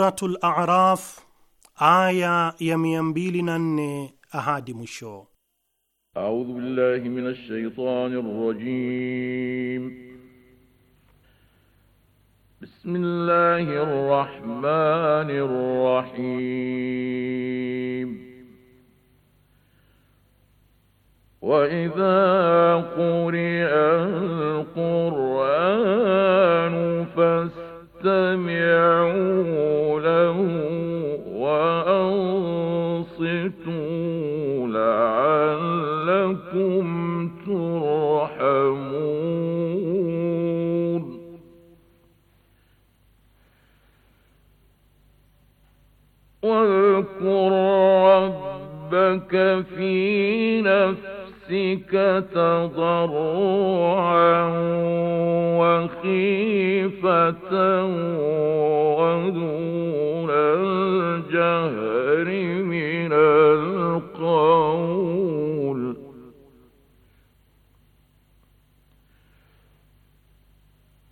Suratul Araf aya ya mia mbili na nne ahadi mwisho. Audhu billahi minash shaitani rajim. Bismillahir rahmanir rahim. وإذا قرئ القرآن فاستمعوا ترحمون واذكر ربك في نفسك تضرعا وخيفة ودون الجهر من القول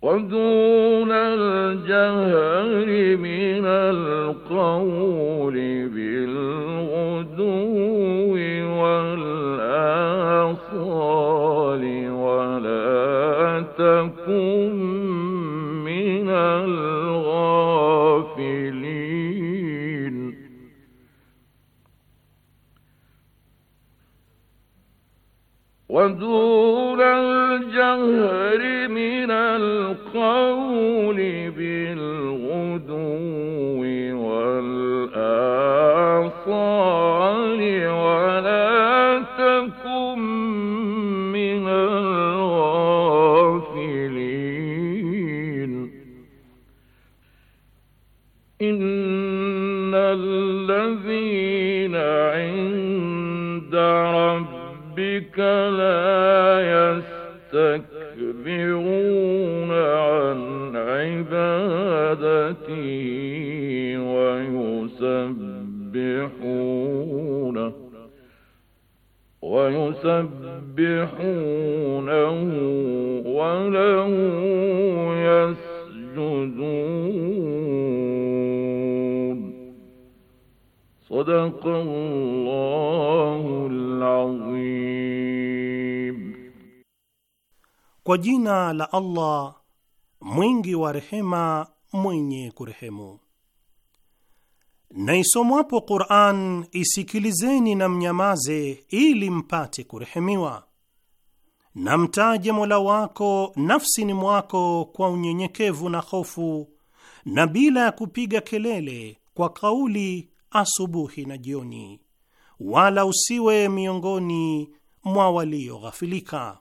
ودون الجهر من القول بالغدو والآصال ولا تكن ودون الجهر من القول بالغدو والآصال والآصال لا يستكبرون عن ويسبحونه وله يسجدون صدق الله العظيم Kwa jina la Allah mwingi wa rehema, mwenye kurehemu. Na isomwapo Qur'an isikilizeni na mnyamaze, ili mpate kurehemiwa. Na mtaje Mola wako nafsini mwako kwa unyenyekevu na hofu, na bila ya kupiga kelele, kwa kauli asubuhi na jioni, wala usiwe miongoni mwa walioghafilika.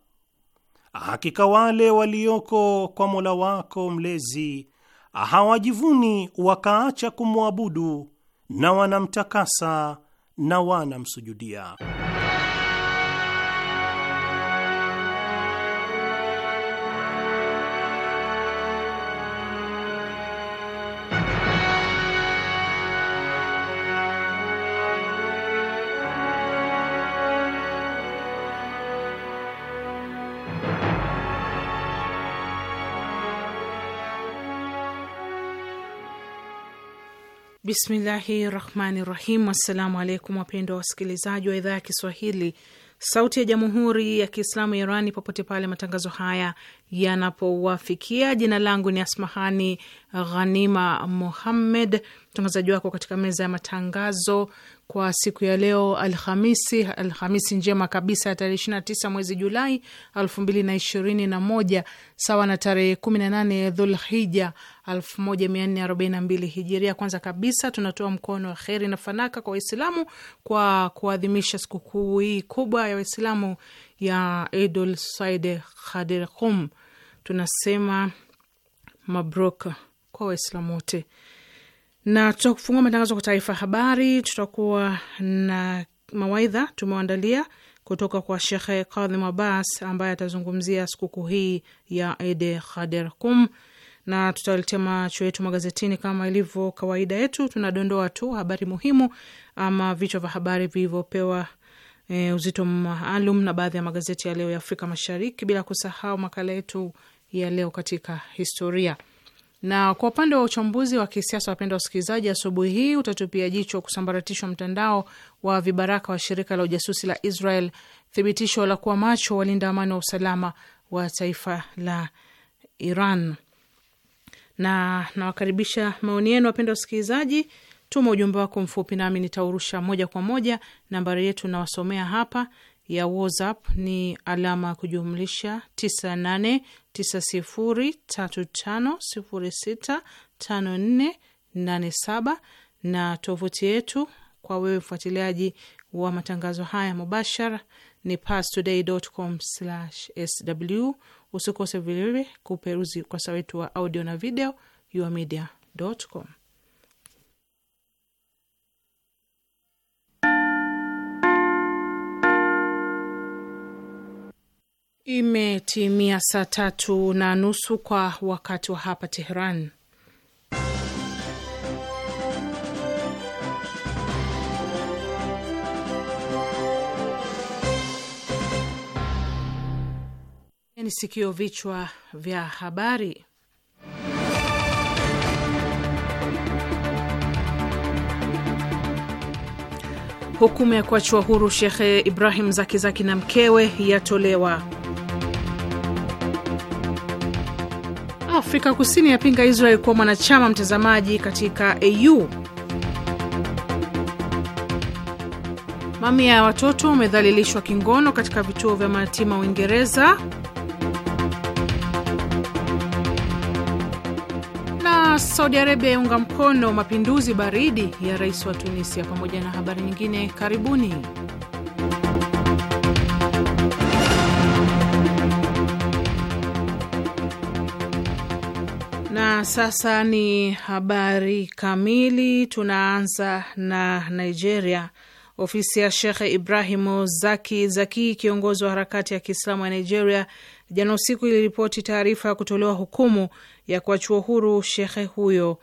Hakika wale walioko kwa Mola wako mlezi hawajivuni wakaacha kumwabudu na wanamtakasa na wanamsujudia. Bismillahi rahmani rahim. Assalamu alaikum wapendwa wasikilizaji wa idhaa ya Kiswahili sauti ya jamhuri ya Kiislamu ya Irani popote pale matangazo haya yanapowafikia. Jina langu ni Asmahani Ghanima Muhammed, mtangazaji wako katika meza ya matangazo kwa siku ya leo Alhamisi, Alhamisi njema kabisa ya tarehe tisa mwezi Julai moja sawa na tarehe 18 Dhulhija mbili hijiria. Kwanza kabisa tunatoa mkono wa kheri na fanaka kwa Waislamu kwa kuadhimisha sikukuu hii kubwa ya Waislamu ya Idul Saide Khadir Khum. Tunasema mabruk kwa Waislamu wote na tutakufungua matangazo kwa taarifa habari. Tutakuwa na mawaidha tumeandalia kutoka kwa Shekhe Kadhim Abbas ambaye atazungumzia sikukuu hii ya Eid Khader Kum, na tutaletea macho yetu magazetini. Kama ilivyo kawaida yetu, tunadondoa tu habari muhimu ama vichwa vya habari vilivyopewa e, uzito maalum na baadhi ya magazeti ya leo ya Afrika Mashariki, bila kusahau makala yetu ya leo katika historia. Na kwa upande wa uchambuzi wa kisiasa, wapenda wasikilizaji, asubuhi hii utatupia jicho kusambaratishwa mtandao wa vibaraka wa shirika la ujasusi la Israel, thibitisho la kuwa macho walinda amani wa usalama wa taifa la Iran. Na nawakaribisha maoni yenu, wapenda wasikilizaji. Tuma ujumbe wako mfupi nami nitaurusha moja kwa moja, nambari yetu nawasomea hapa ya WhatsApp ni alama ya kujumlisha 989035065487 na tovuti yetu kwa wewe mfuatiliaji wa matangazo haya mubashara ni pastoday.com/sw. Usikose vilevile kuperuzi ukurasa wetu wa audio na video umedia.com. Imetimia saa tatu na nusu kwa wakati wa hapa Teheran. Ni sikio, vichwa vya habari. Hukumu ya kuachiwa huru Shekhe Ibrahim Zakizaki na mkewe yatolewa. Afrika Kusini yapinga Israel kuwa mwanachama mtazamaji katika AU. Mamia ya watoto wamedhalilishwa kingono katika vituo vya mayatima Uingereza. Na Saudi Arabia yaunga mkono mapinduzi baridi ya rais wa Tunisia, pamoja na habari nyingine. Karibuni. sasa ni habari kamili. Tunaanza na Nigeria. Ofisi ya Shekhe Ibrahimu Zaki Zaki, kiongozi wa harakati ya Kiislamu ya Nigeria, jana usiku iliripoti taarifa ya kutolewa hukumu ya kuachua huru shekhe huyo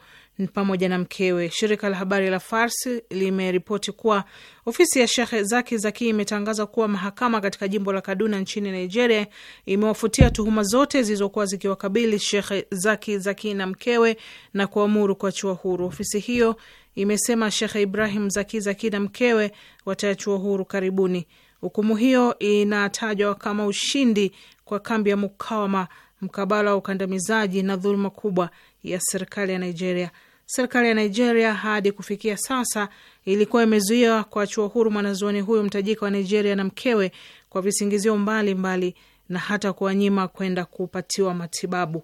pamoja na mkewe. Shirika la habari la Fars limeripoti kuwa ofisi ya Shekhe Zaki Zaki imetangaza kuwa mahakama katika jimbo la Kaduna nchini Nigeria imewafutia tuhuma zote zilizokuwa zikiwakabili Shekhe Zaki Zaki na mkewe na kuamuru kuachiwa huru. Ofisi hiyo imesema Shekhe Ibrahim Zaki Zaki na mkewe wataachiwa huru karibuni. Hukumu hiyo inatajwa kama ushindi kwa kambi ya mukawama mkabala wa ukandamizaji na dhuluma kubwa ya serikali ya Nigeria serikali ya Nigeria hadi kufikia sasa ilikuwa imezuia kuachua huru mwanazuoni huyo mtajika wa Nigeria na mkewe kwa visingizio mbalimbali mbali, na hata kuwanyima kwenda kupatiwa matibabu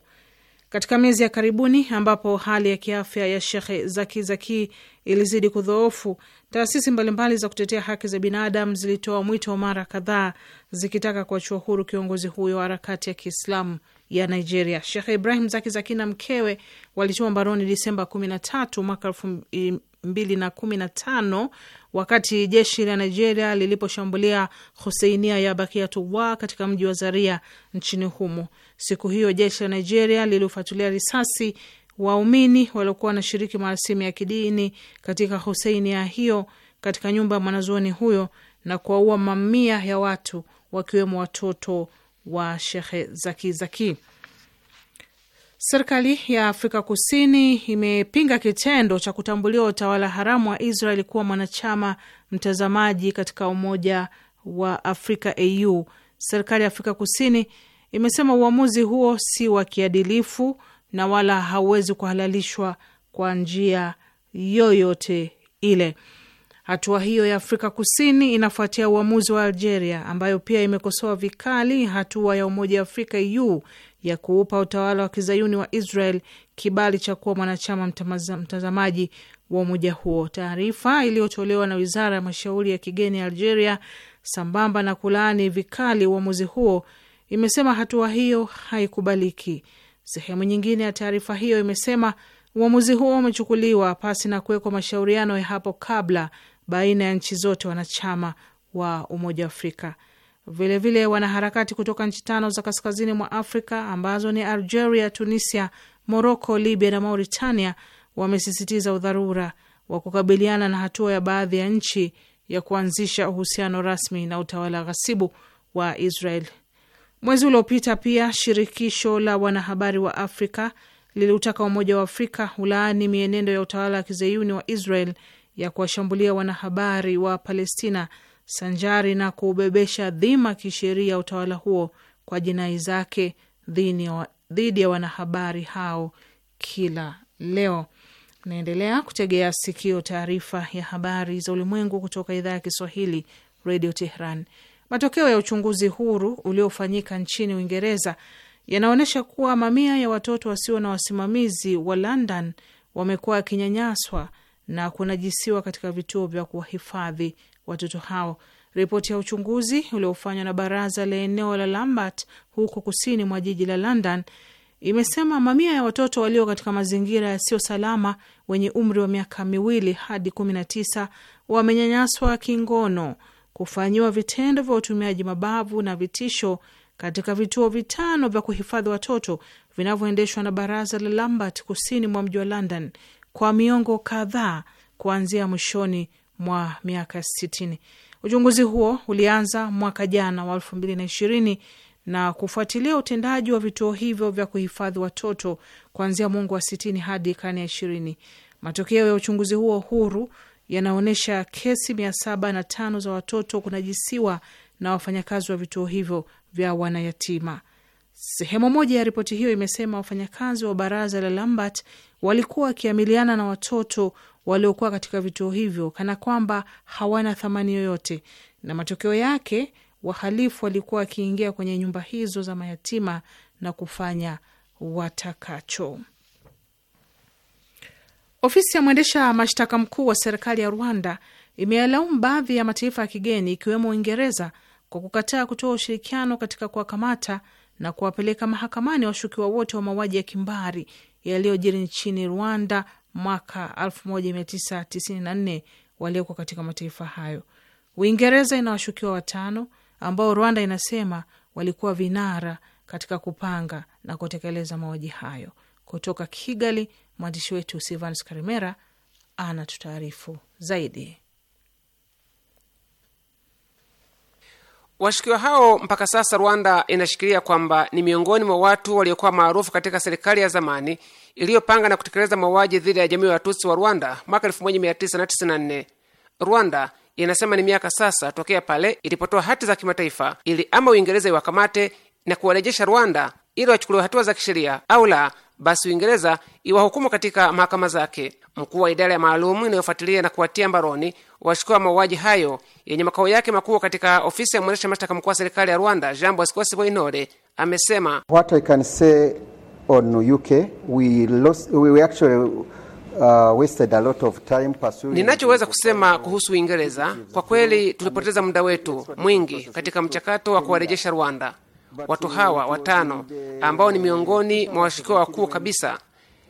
katika miezi ya karibuni, ambapo hali ya kiafya ya Shekhe Zaki Zaki ilizidi kudhoofu, taasisi mbalimbali za kutetea haki za binadamu zilitoa mwito mara kadhaa zikitaka kuachua huru kiongozi huyo wa harakati ya Kiislamu ya Nigeria. Shekhe Ibrahim Zaki Zaki na mkewe walitiwa mbaroni Disemba 13 mwaka mbili na kumi na tano wakati jeshi la Nigeria liliposhambulia Huseinia ya Bakiatullah katika mji wa Zaria nchini humo. Siku hiyo jeshi la Nigeria liliufatulia risasi waumini waliokuwa wanashiriki marasimu ya kidini katika Huseinia hiyo katika nyumba ya mwanazuoni huyo na kuwaua mamia ya watu wakiwemo watoto wa Shehe Zaki Zaki. Serikali ya Afrika Kusini imepinga kitendo cha kutambuliwa utawala haramu wa Israeli kuwa mwanachama mtazamaji katika Umoja wa Afrika AU. Serikali ya Afrika Kusini imesema uamuzi huo si wa kiadilifu na wala hauwezi kuhalalishwa kwa njia yoyote ile. Hatua hiyo ya Afrika Kusini inafuatia uamuzi wa Algeria ambayo pia imekosoa vikali hatua ya Umoja wa Afrika au ya kuupa utawala wa kizayuni wa Israel kibali cha kuwa mwanachama mtazamaji wa umoja huo. Taarifa iliyotolewa na wizara ya mashauri ya kigeni ya Algeria, sambamba na kulaani vikali uamuzi huo, imesema hatua hiyo haikubaliki. Sehemu nyingine ya taarifa hiyo imesema uamuzi huo umechukuliwa pasi na kuwekwa mashauriano ya hapo kabla baina ya nchi zote wanachama wa Umoja wa Afrika. Vilevile wanaharakati kutoka nchi tano za kaskazini mwa Afrika ambazo ni Algeria, Tunisia, Moroko, Libya na Mauritania wamesisitiza udharura wa kukabiliana na hatua ya baadhi ya nchi ya kuanzisha uhusiano rasmi na utawala ghasibu wa Israel. Mwezi uliopita pia shirikisho la wanahabari wa Afrika liliutaka Umoja wa Afrika ulaani mienendo ya utawala wa kizeyuni wa Israel ya kuwashambulia wanahabari wa Palestina sanjari na kuubebesha dhima kisheria utawala huo kwa jinai zake dhidi ya wanahabari hao kila leo. Naendelea kutegea sikio taarifa ya habari za ulimwengu kutoka idhaa ya Kiswahili, Radio Tehran. Matokeo ya uchunguzi huru uliofanyika nchini Uingereza yanaonyesha kuwa mamia ya watoto wasio na wasimamizi wa London wamekuwa wakinyanyaswa na kunajisiwa katika vituo vya kuwahifadhi watoto hao. Ripoti ya uchunguzi uliofanywa na baraza la eneo la Lambert huko kusini mwa jiji la London imesema mamia ya watoto walio katika mazingira yasiyo salama wenye umri wa miaka miwili hadi kumi na tisa wamenyanyaswa kingono, kufanyiwa vitendo vya utumiaji mabavu na vitisho katika vituo vitano vya kuhifadhi watoto vinavyoendeshwa na baraza la Lambert kusini mwa mji wa London kwa miongo kadhaa kuanzia mwishoni mwa miaka sitini. Uchunguzi huo ulianza mwaka jana wa elfu mbili na ishirini na kufuatilia utendaji wa vituo hivyo vya kuhifadhi watoto kuanzia mwongo wa sitini hadi karne ya ishirini. Matokeo ya uchunguzi huo huru yanaonyesha kesi mia saba na tano za watoto kunajisiwa na wafanyakazi wa vituo hivyo vya wanayatima. Sehemu moja ya ripoti hiyo imesema wafanyakazi wa baraza la Lambert walikuwa wakiamiliana na watoto waliokuwa katika vituo hivyo kana kwamba hawana thamani yoyote, na matokeo yake wahalifu walikuwa wakiingia kwenye nyumba hizo za mayatima na kufanya watakacho. Ofisi ya mwendesha mashtaka mkuu wa serikali ya Rwanda imealaumu baadhi ya mataifa ya kigeni ikiwemo Uingereza kwa kukataa kutoa ushirikiano katika kuwakamata na kuwapeleka mahakamani washukiwa wote wa mauaji ya kimbari yaliyojiri nchini Rwanda mwaka 1994 walioko katika mataifa hayo. Uingereza inawashukiwa watano ambao Rwanda inasema walikuwa vinara katika kupanga na kutekeleza mauaji hayo. Kutoka Kigali, mwandishi wetu sivans Karimera anatutaarifu zaidi. Washukiwa hao mpaka sasa Rwanda inashikilia kwamba ni miongoni mwa watu waliokuwa maarufu katika serikali ya zamani iliyopanga na kutekeleza mauaji dhidi ya jamii ya watusi wa Rwanda mwaka 1994. Rwanda inasema ni miaka sasa tokea pale ilipotoa hati za kimataifa ili ama Uingereza iwakamate na kuwarejesha Rwanda ili wachukuliwe hatua za kisheria au la basi Uingereza iwahukumu katika mahakama zake. Mkuu wa idara ya maalumu inayofuatilia na kuwatia mbaroni washukiwa mauaji hayo yenye makao yake makuu katika ofisi ya mwendesha mashtaka mkuu wa serikali ya Rwanda, Jean Bosco Siboyintore amesema What I can say on UK, we lost, we actually Uh, wasted a lot of time pursuing... Ninachoweza kusema kuhusu Uingereza, kwa kweli tulipoteza muda wetu mwingi katika mchakato wa kuwarejesha Rwanda watu hawa watano ambao ni miongoni mwa washukiwa wakuu kabisa,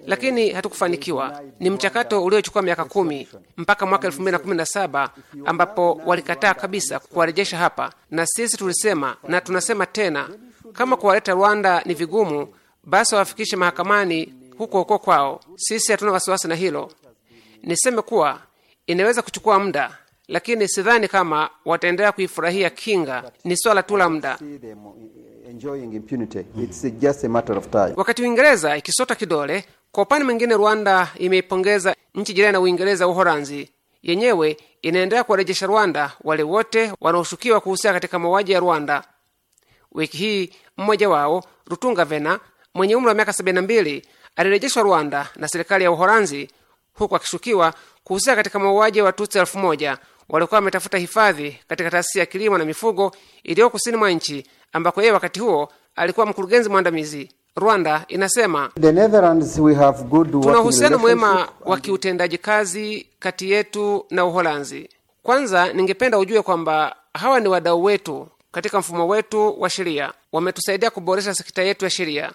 lakini hatukufanikiwa. Ni mchakato uliochukua miaka kumi mpaka mwaka elfu mbili na kumi na saba ambapo walikataa kabisa kuwarejesha hapa, na sisi tulisema na tunasema tena, kama kuwaleta Rwanda ni vigumu, basi wawafikishe mahakamani huko huko kwao. Sisi hatuna wasiwasi na hilo. Niseme kuwa inaweza kuchukua muda lakini sidhani kama wataendelea kuifurahia kinga. Ni swala tu la muda enjoying impunity. It's just a matter of time. Wakati Uingereza ikisota kidole, kwa upande mwingine Rwanda imeipongeza nchi jirani na Uingereza wa Uholanzi yenyewe inaendelea kuwarejesha Rwanda wale wote wanaoshukiwa kuhusika katika mauaji ya Rwanda. Wiki hii mmoja wao Rutunga Vena mwenye umri wa miaka 72 alirejeshwa Rwanda na serikali ya Uholanzi huku akishukiwa kuhusika katika mauaji ya Watutsi elfu moja walikuwa wametafuta hifadhi katika taasisi ya kilimo na mifugo iliyo kusini mwa nchi ambako yeye wakati huo alikuwa mkurugenzi mwandamizi. Rwanda inasema tuna uhusiano mwema wa kiutendaji kazi kati yetu na Uholanzi. Kwanza ningependa ujue kwamba hawa ni wadau wetu katika mfumo wetu wa sheria, wametusaidia kuboresha sekta yetu ya sheria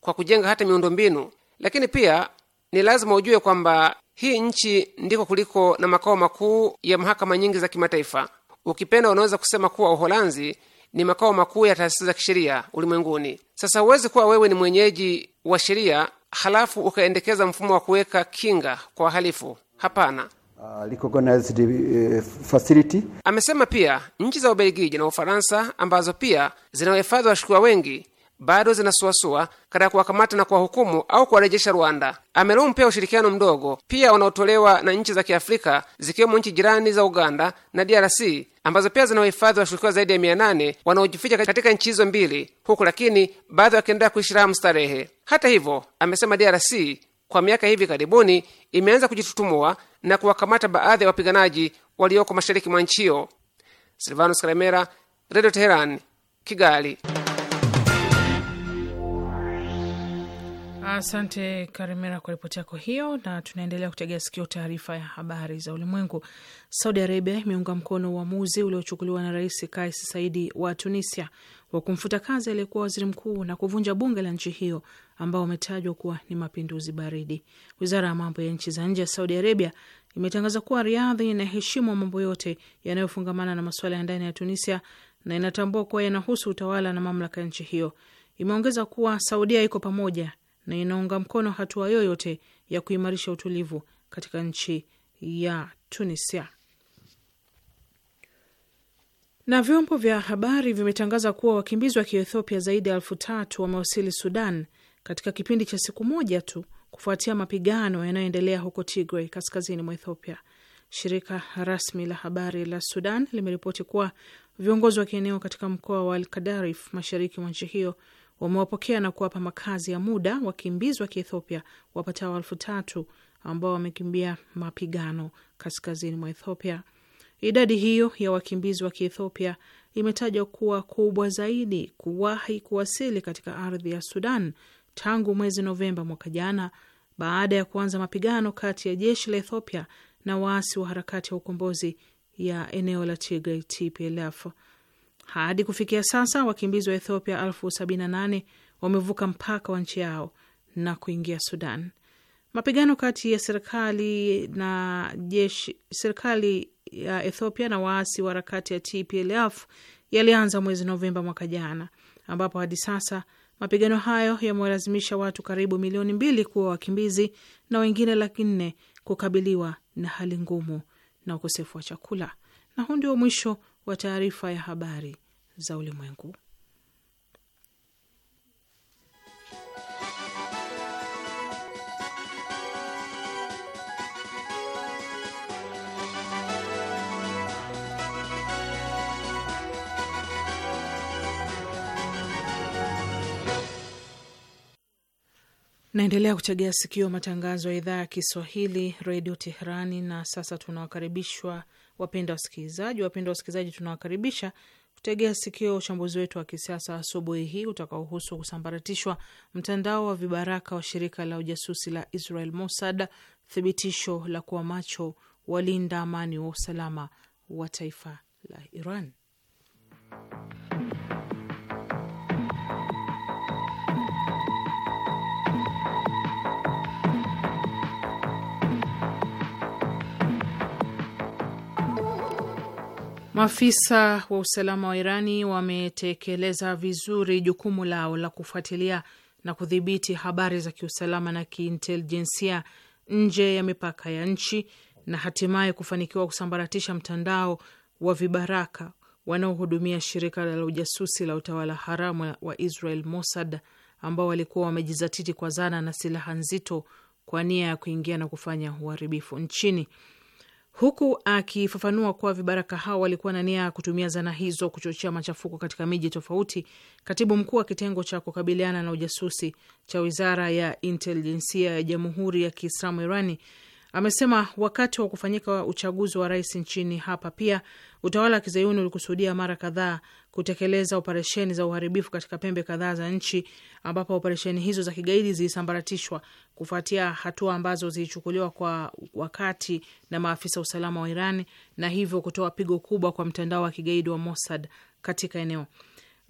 kwa kujenga hata miundombinu, lakini pia ni lazima ujue kwamba hii nchi ndiko kuliko na makao makuu ya mahakama nyingi za kimataifa. Ukipenda unaweza kusema kuwa Uholanzi ni makao makuu ya taasisi za kisheria ulimwenguni. Sasa huwezi kuwa wewe ni mwenyeji wa sheria halafu ukaendekeza mfumo wa kuweka kinga kwa wahalifu. Hapana. Uh, uh amesema pia nchi za Ubelgiji na Ufaransa ambazo pia zinawahifadhi washukiwa wengi bado zinasuasua katika kuwakamata na kuwahukumu au kuwarejesha Rwanda. Amelaumu pia ushirikiano mdogo pia unaotolewa na nchi za Kiafrika zikiwemo nchi jirani za Uganda na DRC ambazo pia zina wahifadhi washukiwa zaidi ya mia nane wanaojificha katika nchi hizo mbili, huku lakini baadhi wakiendelea kuishi raha mstarehe. Hata hivyo, amesema DRC kwa miaka hivi karibuni imeanza kujitutumua na kuwakamata baadhi ya wapiganaji walioko mashariki mwa nchi hiyo. Silvanus Kigali. Asante Karimera kwa ripoti yako hiyo, na tunaendelea kutegea sikio taarifa ya habari za ulimwengu. Saudi Arabia imeunga mkono uamuzi uliochukuliwa na Rais Kais Saidi wa Tunisia wa kumfuta kazi aliyekuwa waziri mkuu na kuvunja bunge la nchi hiyo ambao umetajwa kuwa ni mapinduzi baridi. Wizara ya mambo ya nchi za nje ya Saudi Arabia imetangaza kuwa riadhi inaheshimu mambo yote yanayofungamana na masuala ya ndani ya Tunisia na inatambua kuwa yanahusu utawala na mamlaka ya nchi hiyo. Imeongeza kuwa Saudia iko pamoja na inaunga mkono hatua yoyote ya kuimarisha utulivu katika nchi ya Tunisia. Na vyombo vya habari vimetangaza kuwa wakimbizi wa Kiethiopia zaidi ya elfu tatu wamewasili Sudan katika kipindi cha siku moja tu kufuatia mapigano yanayoendelea huko Tigray, kaskazini mwa Ethiopia. Shirika rasmi la habari la Sudan limeripoti kuwa viongozi wa kieneo katika mkoa wa Al Kadarif, mashariki mwa nchi hiyo, wamewapokea na kuwapa makazi ya muda wakimbizi wa Kiethiopia wapatao elfu tatu ambao wamekimbia mapigano kaskazini mwa Ethiopia. Idadi hiyo ya wakimbizi wa Kiethiopia imetajwa kuwa kubwa zaidi kuwahi kuwasili katika ardhi ya Sudan tangu mwezi Novemba mwaka jana baada ya kuanza mapigano kati ya jeshi la Ethiopia na waasi wa harakati ya ukombozi ya eneo la Tigray TPLF. Hadi kufikia sasa wakimbizi wa Ethiopia elfu sabini na nane wamevuka mpaka wa nchi yao na kuingia Sudan. Mapigano kati ya serikali na jeshi, serikali ya Ethiopia na waasi wa harakati ya TPLF yalianza mwezi Novemba mwaka jana, ambapo hadi sasa mapigano hayo yamewalazimisha watu karibu milioni mbili kuwa wakimbizi na wengine laki nne kukabiliwa na hali ngumu na ukosefu wa chakula. Na huu ndio mwisho wa taarifa ya habari za ulimwengu. Naendelea kutegea sikio matangazo ya idhaa ya Kiswahili redio Teherani. Na sasa tunawakaribishwa wapenda wasikilizaji, wapenda wasikilizaji, tunawakaribisha kutegea sikio uchambuzi wetu wa kisiasa asubuhi hii utakaohusu kusambaratishwa mtandao wa vibaraka wa shirika la ujasusi la Israel Mossad, thibitisho la kuwa macho walinda amani wa usalama wa taifa la Iran. Maafisa wa usalama wa Irani wametekeleza vizuri jukumu lao la kufuatilia na kudhibiti habari za kiusalama na kiintelijensia nje ya mipaka ya nchi na hatimaye kufanikiwa kusambaratisha mtandao wa vibaraka wanaohudumia shirika la ujasusi la utawala haramu wa Israel Mossad, ambao walikuwa wamejizatiti kwa zana na silaha nzito kwa nia ya kuingia na kufanya uharibifu nchini huku akifafanua kuwa vibaraka hao walikuwa na nia ya kutumia zana hizo kuchochea machafuko katika miji tofauti. Katibu mkuu wa kitengo cha kukabiliana na ujasusi cha wizara ya intelijensia ya Jamhuri ya Kiislamu Irani Amesema wakati wa kufanyika uchaguzi wa rais nchini hapa pia utawala wa kizayuni ulikusudia mara kadhaa kutekeleza operesheni za uharibifu katika pembe kadhaa za nchi, ambapo operesheni hizo za kigaidi zilisambaratishwa kufuatia hatua ambazo zilichukuliwa kwa wakati na maafisa usalama wa Iran na hivyo kutoa pigo kubwa kwa mtandao wa kigaidi wa Mossad katika eneo.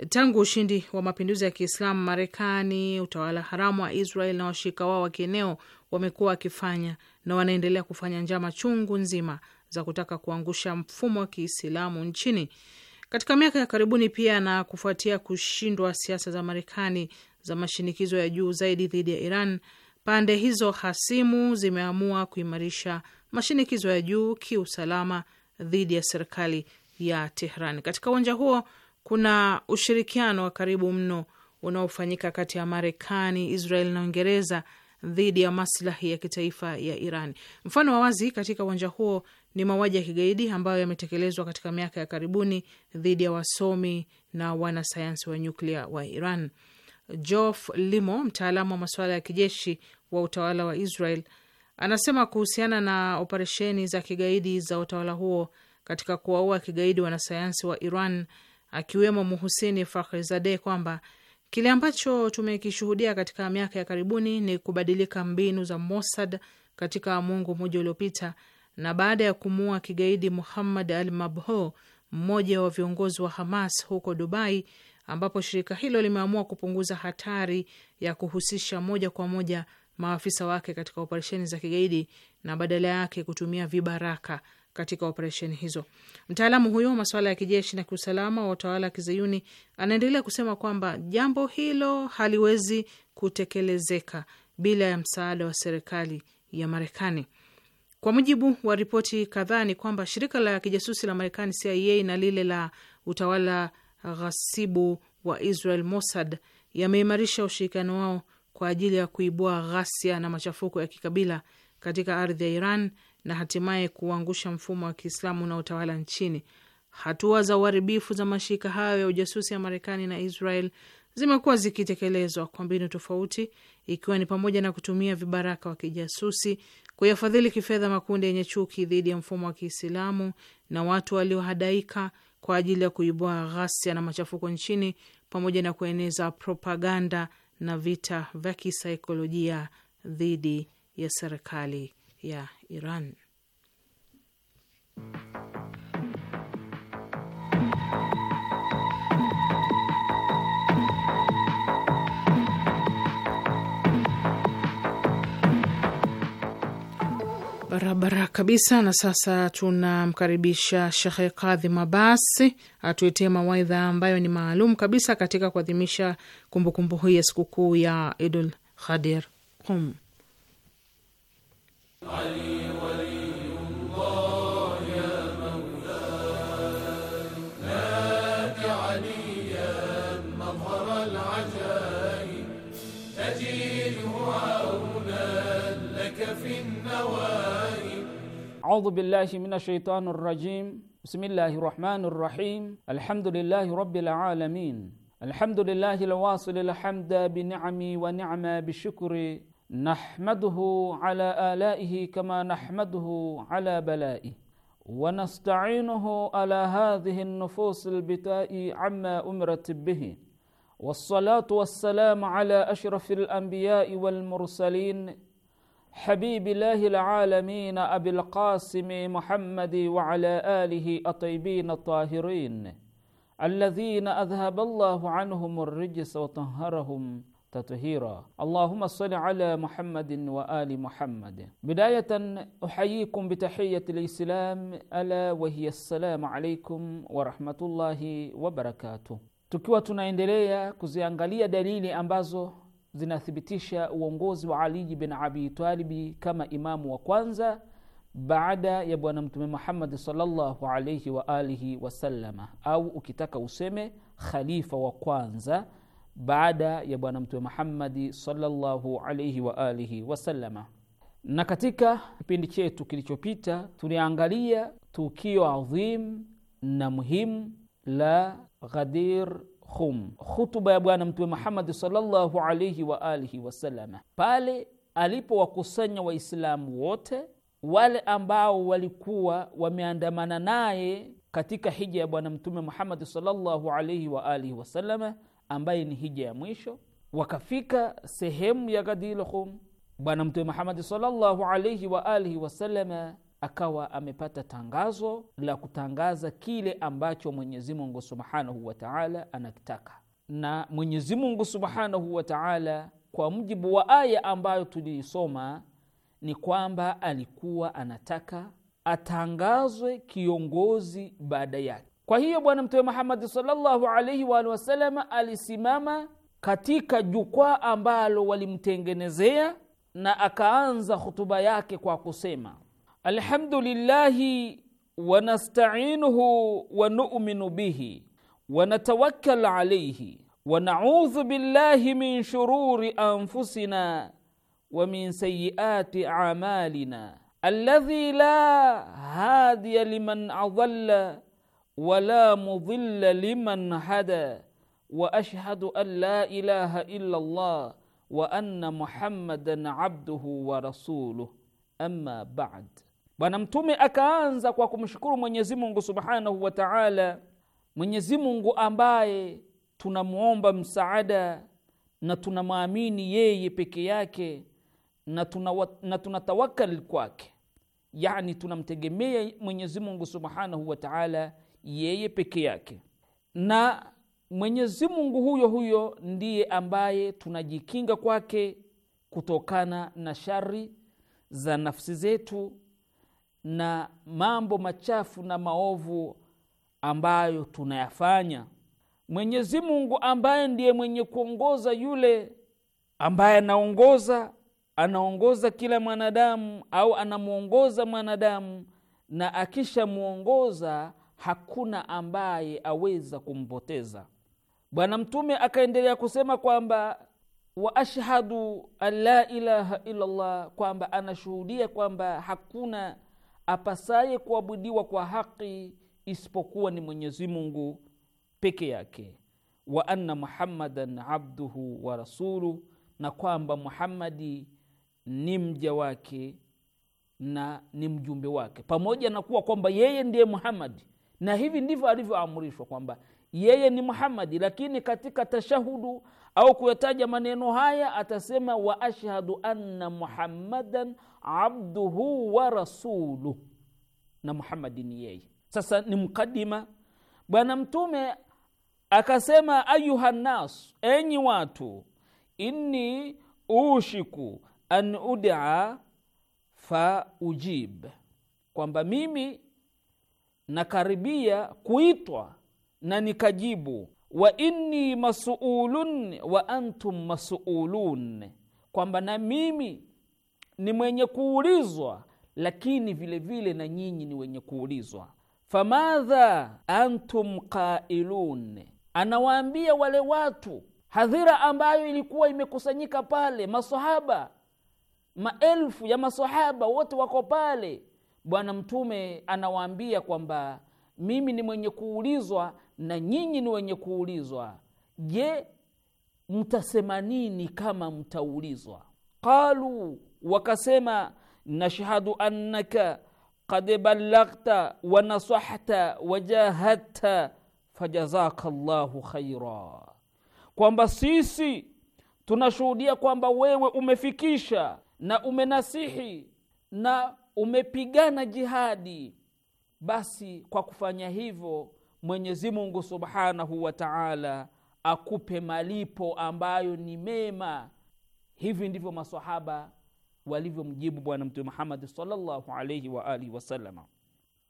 Tangu ushindi wa mapinduzi ya Kiislamu, Marekani, utawala haramu wa Israel na washirika wao wa kieneo wamekuwa wakifanya na wanaendelea kufanya njama chungu nzima za kutaka kuangusha mfumo wa Kiislamu nchini katika miaka ya karibuni. Pia na kufuatia kushindwa siasa za Marekani za mashinikizo ya juu zaidi dhidi ya Iran, pande hizo hasimu zimeamua kuimarisha mashinikizo ya juu kiusalama dhidi ya serikali ya Tehran. Katika uwanja huo kuna ushirikiano wa karibu mno unaofanyika kati ya Marekani, Israel na Uingereza dhidi ya maslahi ya kitaifa ya Iran. Mfano wa wazi katika uwanja huo ni mauaji ya kigaidi ambayo yametekelezwa katika miaka ya karibuni dhidi ya wasomi na wanasayansi wa nyuklia wa Iran. Jof Limo, mtaalamu wa masuala ya kijeshi wa utawala wa Israel, anasema kuhusiana na operesheni za kigaidi za utawala huo katika kuwaua kigaidi wanasayansi wa Iran akiwemo Muhusini Fakhrizadeh kwamba Kile ambacho tumekishuhudia katika miaka ya karibuni ni kubadilika mbinu za Mossad katika mwongo mmoja uliopita, na baada ya kumuua kigaidi Muhammad al mabho mmoja wa viongozi wa Hamas huko Dubai, ambapo shirika hilo limeamua kupunguza hatari ya kuhusisha moja kwa moja maafisa wake katika operesheni za kigaidi na badala yake kutumia vibaraka katika operesheni hizo. Mtaalamu huyo wa masuala ya kijeshi na kiusalama wa utawala wa kizayuni anaendelea kusema kwamba jambo hilo haliwezi kutekelezeka bila ya msaada wa serikali ya Marekani. Kwa mujibu wa ripoti kadhaa, ni kwamba shirika la kijasusi la Marekani CIA na lile la utawala ghasibu wa Israel Mossad yameimarisha ushirikiano wao kwa ajili ya kuibua ghasia na machafuko ya kikabila katika ardhi ya Iran na hatimaye kuangusha mfumo wa Kiislamu unaotawala nchini. Hatua za uharibifu za mashirika hayo ya ujasusi ya Marekani na Israel zimekuwa zikitekelezwa kwa mbinu tofauti, ikiwa ni pamoja na kutumia vibaraka wa kijasusi kuyafadhili kifedha makundi yenye chuki dhidi ya mfumo wa Kiislamu na watu waliohadaika kwa ajili ya kuibua ghasia na machafuko nchini pamoja na kueneza propaganda na vita vya kisaikolojia dhidi ya serikali ya Iran. Barabara kabisa. Na sasa tunamkaribisha Shekhe Kadhim mabasi atuetee mawaidha ambayo ni maalum kabisa katika kuadhimisha kumbukumbu hii ya sikukuu ya Idul Khadir Qum. علي ولي الله يا مولاي لك عليا مظهر العجائب تجده عونا لك في النوائب أعوذ بالله من الشيطان الرجيم بسم الله الرحمن الرحيم الحمد لله رب العالمين الحمد لله الواصل الحمد بنعمي ونعمة بشكري نحمده على آلائه كما نحمده على بلائه ونستعينه على هذه النفوس البتاء عما أمرت به والصلاة والسلام على أشرف الأنبياء والمرسلين حبيب الله العالمين أبي القاسم محمد وعلى آله الطيبين الطاهرين الذين أذهب الله عنهم الرجس وطهرهم تطهيرا اللهم صل على محمد وآل محمد بداية أحييكم بتحية الإسلام ألا وهي السلام عليكم ورحمة الله وبركاته tukiwa tunaendelea kuziangalia dalili ambazo zinathibitisha uongozi wa Ali bin abi talibi kama imamu wa kwanza baada ya bwana mtume muhammadi alayhi wa alihi wasallama, au ukitaka useme khalifa wa kwanza baada ya Bwana Mtume Muhammadi sallallahu alaihi wa alihi wasallama. Na katika kipindi chetu kilichopita tuliangalia tukio adhim na muhimu la Ghadir Khum, khutuba ya Bwana Mtume Muhammadi sallallahu alaihi wa alihi wasallama, pale alipowakusanya Waislamu wote wale ambao walikuwa wameandamana naye katika hija ya Bwana Mtume Muhammadi sallallahu alaihi wa alihi wasallama ambaye ni hija ya mwisho, wakafika sehemu ya Ghadi hum Bwana Mtume Muhamadi sallallahu alaihi wa alihi wasalama akawa amepata tangazo la kutangaza kile ambacho Mwenyezi Mungu subhanahu wa taala anakitaka, na Mwenyezi Mungu subhanahu wa taala kwa mujibu wa aya ambayo tuliisoma ni kwamba alikuwa anataka atangazwe kiongozi baada yake kwa hiyo bwana mtume muhammadi salllahu alaihi waalihi wasalama alisimama katika jukwaa ambalo walimtengenezea na akaanza khutuba yake kwa kusema alhamdulillahi wanastainuhu wanuminu bihi wanatawakkal alaihi wanaudhu billahi min shururi anfusina wa min سيئات amalina aladhi la hadiya لمن أضل ولا مضل لمن هدى واشهد ان لا اله الا الله وأن Muhammadan عبده ورسوله rasuluh بعد ba'd. Bwana Mtume akaanza kwa kumshukuru Mwenyezi Mungu subhanahu wa taala, Mungu ambaye tunamwomba msaada na tunamwamini yeye peke yake na tuna, na tunatawakali kwake, yani tunamtegemea Mwenyezi Mungu subhanahu wa taala yeye peke yake, na Mwenyezi Mungu huyo huyo ndiye ambaye tunajikinga kwake kutokana na shari za nafsi zetu na mambo machafu na maovu ambayo tunayafanya. Mwenyezi Mungu ambaye ndiye mwenye kuongoza yule ambaye anaongoza anaongoza kila mwanadamu au anamwongoza mwanadamu, na akishamwongoza hakuna ambaye aweza kumpoteza bwana mtume akaendelea kusema kwamba wa ashhadu an la ilaha illallah kwamba anashuhudia kwamba hakuna apasaye kuabudiwa kwa haki isipokuwa ni mwenyezi mungu peke yake wa anna muhammadan abduhu wa rasuluh na kwamba muhammadi ni mja wake na ni mjumbe wake pamoja na kuwa kwamba yeye ndiye muhammadi na hivi ndivyo alivyoamrishwa kwamba yeye ni muhamadi lakini katika tashahudu au kuyataja maneno haya atasema wa ashhadu anna muhammadan abduhu wa rasuluh na muhamadi ni yeye sasa ni mkadima bwana mtume akasema ayuha nnas enyi watu inni ushiku an udia fa ujib kwamba mimi nakaribia kuitwa na nikajibu, wa inni masuulun wa antum masuulun, kwamba na mimi ni mwenye kuulizwa, lakini vilevile vile na nyinyi ni wenye kuulizwa. Famadha antum qailun, anawaambia wale watu, hadhira ambayo ilikuwa imekusanyika pale, masahaba maelfu ya masahaba wote wako pale bwana mtume anawaambia kwamba mimi ni mwenye kuulizwa na nyinyi ni wenye kuulizwa je mtasema nini kama mtaulizwa qalu wakasema nashhadu annaka kad ballaghta wa nasahta wa jahadta fajazaka llahu khaira kwamba sisi tunashuhudia kwamba wewe umefikisha na umenasihi na umepigana jihadi, basi kwa kufanya hivyo Mwenyezi Mungu subhanahu wa taala akupe malipo ambayo ni mema. Hivi ndivyo masahaba walivyomjibu Bwana Mtume Muhammad sallallahu alaihi wa alihi wasalama.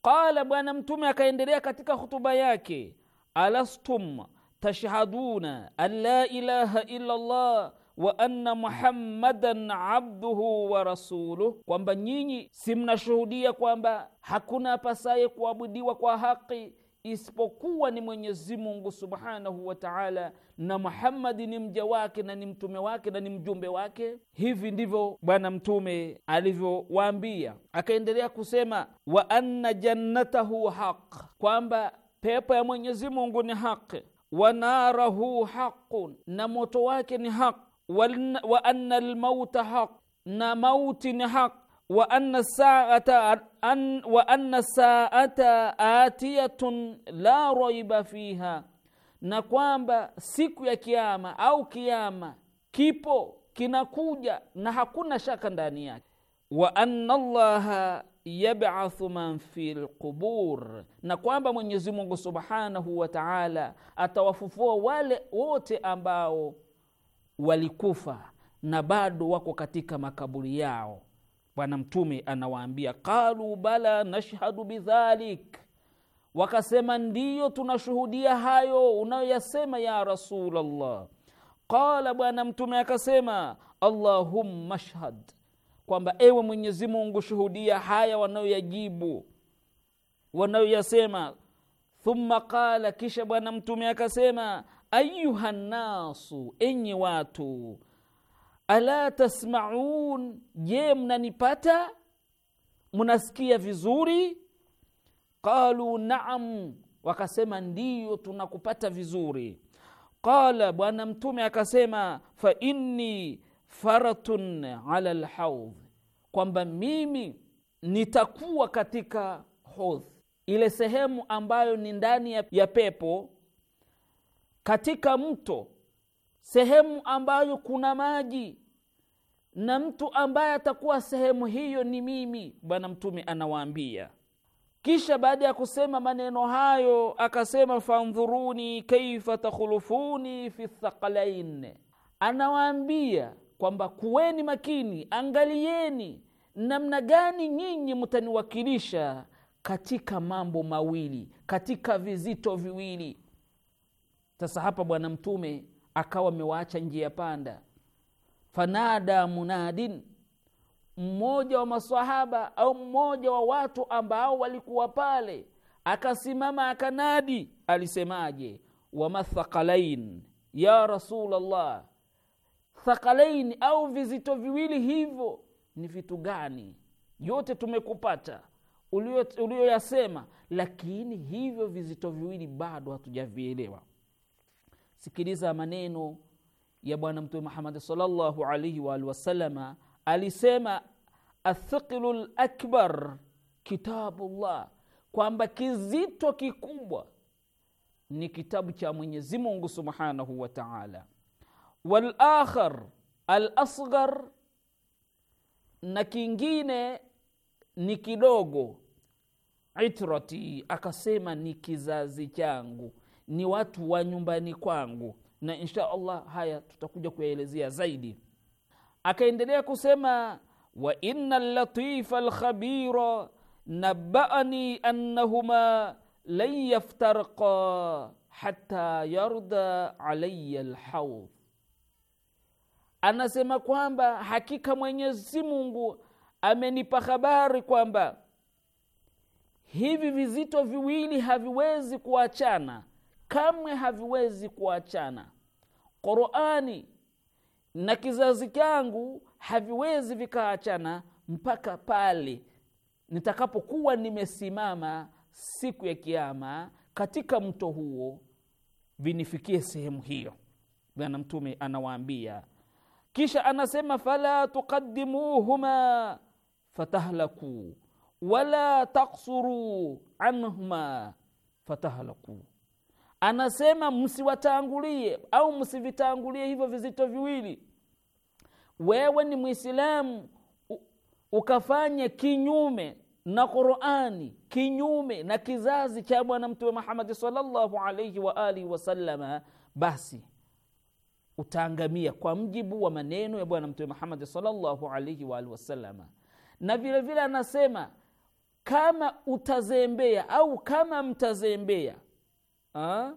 Qala, Bwana Mtume akaendelea katika hutuba yake, alastum tashhaduna an la ilaha illa Allah wa anna muhammadan abduhu wa rasuluh, kwamba nyinyi si mnashuhudia kwamba hakuna apasaye kuabudiwa kwa haki isipokuwa ni Mwenyezi Mungu subhanahu wa taala, na Muhammadi ni mja wake na ni mtume wake na ni mjumbe wake. Hivi ndivyo Bwana Mtume alivyowaambia. Akaendelea kusema wa anna jannatahu haq, kwamba pepo ya Mwenyezi Mungu ni haqi wa narahu haqun, na moto wake ni haq wa anna almauta haq na mauti ni haq wa anna saata an, wa anna saata atiyatun la raiba fiha na kwamba siku ya kiama au kiama kipo kinakuja na hakuna shaka ndani yake wa anna allaha yabathu man fi lqubur, na kwamba Mwenyezi Mungu subhanahu wa taala atawafufua wale wote ambao walikufa na bado wako katika makaburi yao bwana mtume anawaambia qalu bala nashhadu bidhalik wakasema ndiyo tunashuhudia hayo unayoyasema ya rasulllah qala bwana mtume akasema allahumma shhad kwamba ewe mwenyezi mungu shuhudia haya wanayoyajibu wanayoyasema thumma qala kisha bwana mtume akasema ayuha nnasu, enyi watu, ala tasmaun, je, mnanipata? Mnasikia vizuri? qalu naam, wakasema ndiyo, tunakupata vizuri. Qala, Bwana Mtume akasema fa inni faratun ala lhaudh, kwamba mimi nitakuwa katika hodh, ile sehemu ambayo ni ndani ya pepo katika mto sehemu ambayo kuna maji na mtu ambaye atakuwa sehemu hiyo ni mimi bwana mtume anawaambia kisha baada ya kusema maneno hayo akasema fandhuruni kaifa takhulufuni fi thaqalain anawaambia kwamba kuweni makini angalieni namna gani nyinyi mtaniwakilisha katika mambo mawili katika vizito viwili sasa hapa bwana mtume akawa amewaacha njia panda fanada munadin mmoja wa masahaba au mmoja wa watu ambao walikuwa pale akasimama akanadi alisemaje wamathakalain ya rasulllah thakalain au vizito viwili hivyo ni vitu gani yote tumekupata ulioyasema lakini hivyo vizito viwili bado hatujavielewa sikiliza maneno ya bwana mtume muhamadi salllahu alaihi waalihi wasalama alisema athiqilu lakbar kitabullah kwamba kizito kikubwa ni kitabu cha mwenyezi mungu subhanahu wa taala walakhar alasghar na kingine ni kidogo itrati akasema ni kizazi changu ni watu wa nyumbani kwangu na insha allah haya tutakuja kuyaelezea zaidi akaendelea kusema wa inna latifa lkhabira nabaani annahuma lan yaftarqa hata yarda alaya lhaudh anasema kwamba hakika mwenyezi mungu amenipa habari kwamba hivi vizito viwili haviwezi kuachana kamwe haviwezi kuachana qurani na kizazi changu haviwezi vikaachana mpaka pale nitakapokuwa nimesimama siku ya kiama katika mto huo vinifikie sehemu hiyo bwana mtume anawaambia kisha anasema fala tuqaddimuhuma fatahlakuu wala taksuruu anhuma fatahlakuu anasema msiwatangulie au msivitangulie hivyo vizito viwili. Wewe ni Mwislamu ukafanye kinyume na Qurani, kinyume na kizazi cha Bwana Mtume Muhammadi sallallahu alaihi wa alihi wasallama, basi utaangamia kwa mjibu wa maneno ya Bwana Mtume Muhammadi sallallahu alaihi wa alihi wasallama. Na vilevile vile anasema kama utazembea au kama mtazembea ha?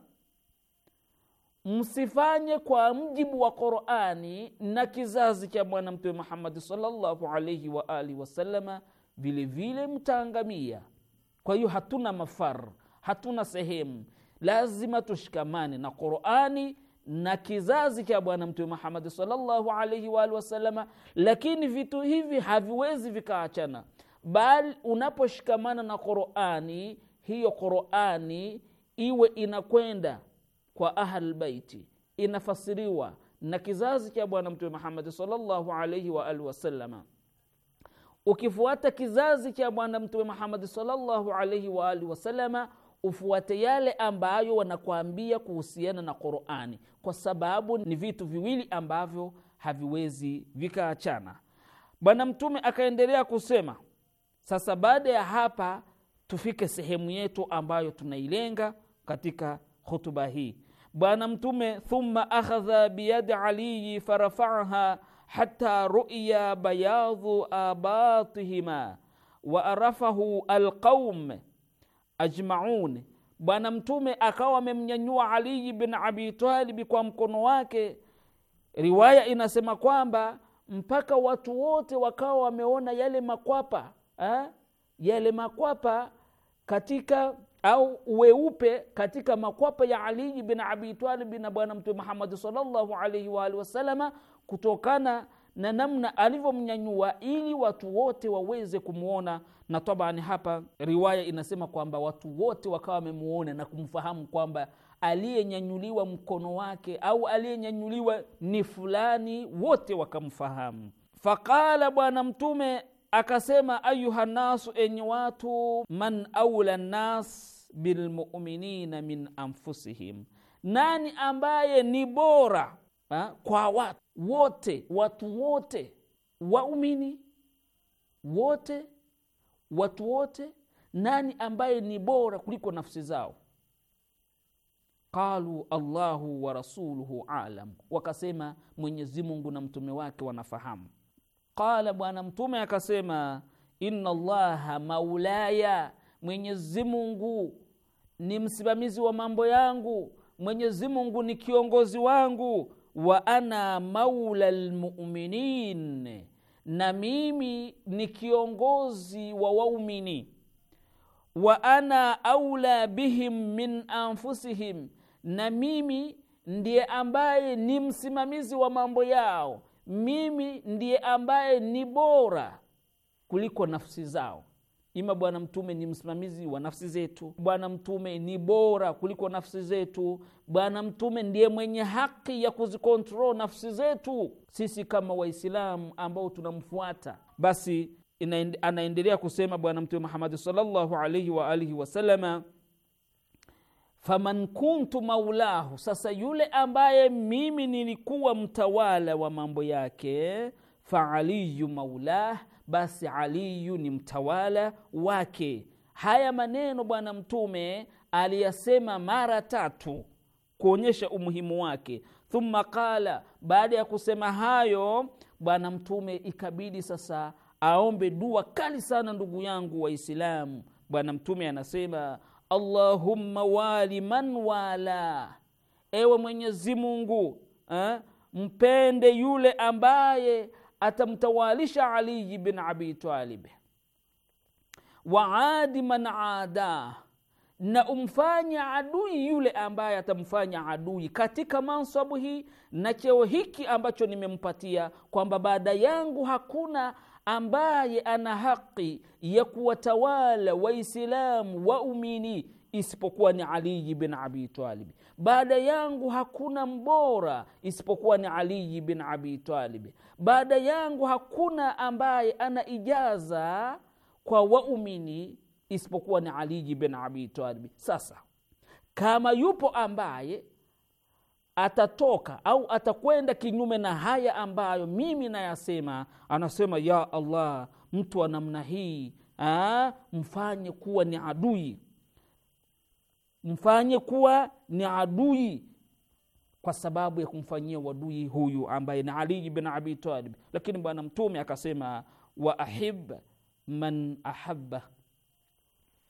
msifanye kwa mjibu wa Qurani na kizazi cha Bwana Mtume Muhammadi sallallahu alaihi wa alihi wasalama, vilevile mtaangamia. Kwa hiyo hatuna mafar, hatuna sehemu, lazima tushikamane na Qurani na kizazi cha Bwana Mtume Muhammadi sallallahu alaihi wa alihi wasalama. Lakini vitu hivi haviwezi vikaachana, bali unaposhikamana na Qurani, hiyo Qurani iwe inakwenda kwa ahlbaiti inafasiriwa na kizazi cha bwana mtume muhammadi salllahu alaihi alihi wasalama ukifuata kizazi cha bwana mtume muhammadi salllahu alaihi alihi wasalama ufuate yale ambayo wanakuambia kuhusiana na qurani kwa sababu ni vitu viwili ambavyo haviwezi vikaachana bwana mtume akaendelea kusema sasa baada ya hapa tufike sehemu yetu ambayo tunailenga katika khutuba hii Bwana Mtume, thumma akhadha biyadi aliyi farafaaha hata ruya bayadhu abatihima wa arafahu alqaum ajmaun. Bwana Mtume akawa amemnyanyua Aliyi bin Abi Talibi kwa mkono wake. Riwaya inasema kwamba mpaka watu wote wakawa wameona yale makwapa ha? Eh, yale makwapa katika au weupe katika makwapa ya alii bin abitalibi na bwana mtume muhamadi salllahu alaihi waalihi wasalama kutokana na namna alivyomnyanyua ili watu wote waweze kumwona na tabani hapa riwaya inasema kwamba watu wote wakawa wamemwona na kumfahamu kwamba aliyenyanyuliwa mkono wake au aliyenyanyuliwa ni fulani wote wakamfahamu faqala bwana mtume akasema ayuha nasu, enyi watu, man aula nas bilmuminina min anfusihim, nani ambaye ni bora ha, kwa watu wote, watu wote, waumini wote, watu wote, nani ambaye ni bora kuliko nafsi zao? Qalu Allahu wa rasuluhu alam, wakasema Mwenyezi Mungu na mtume wake wanafahamu qala, Bwana Mtume akasema inna llaha maulaya, Mwenyezi Mungu ni msimamizi wa mambo yangu, Mwenyezi Mungu ni kiongozi wangu, wa ana maula lmuminin, na mimi ni kiongozi wa waumini, wa ana aula bihim min anfusihim, na mimi ndiye ambaye ni msimamizi wa mambo yao mimi ndiye ambaye ni bora kuliko nafsi zao ima bwana mtume ni msimamizi wa nafsi zetu bwana mtume ni bora kuliko nafsi zetu bwana mtume ndiye mwenye haki ya kuzikontrol nafsi zetu sisi kama waislamu ambao tunamfuata basi anaendelea kusema bwana mtume muhamadi salllahu alaihi waalihi wasalama faman kuntu maulahu, sasa yule ambaye mimi nilikuwa mtawala wa mambo yake, fa aliyu maulah, basi Aliyu ni mtawala wake. Haya maneno Bwana Mtume aliyasema mara tatu kuonyesha umuhimu wake. Thumma qala, baada ya kusema hayo Bwana Mtume ikabidi sasa aombe dua kali sana, ndugu yangu Waislamu. Bwana Mtume anasema allahumma wali man wala, ewe Mwenyezi Mungu eh, mpende yule ambaye atamtawalisha Ali bin Abi Talib, wa adi man ada, na umfanye adui yule ambaye atamfanya adui katika mansabu hii na cheo hiki ambacho nimempatia, kwamba baada yangu hakuna ambaye ana haki ya kuwatawala waislamu waumini isipokuwa ni aliyi bin abi talibi baada yangu hakuna mbora isipokuwa ni aliyi bin abi talibi baada yangu hakuna ambaye ana ijaza kwa waumini isipokuwa ni aliyi bin abi talibi sasa kama yupo ambaye atatoka au atakwenda kinyume na haya ambayo mimi nayasema. Anasema, ya Allah, mtu wa namna hii aa, mfanye kuwa ni adui, mfanye kuwa ni adui kwa sababu ya kumfanyia wadui huyu ambaye ni Ali bin Abi Talib. Lakini Bwana Mtume akasema, wa ahib man ahabba,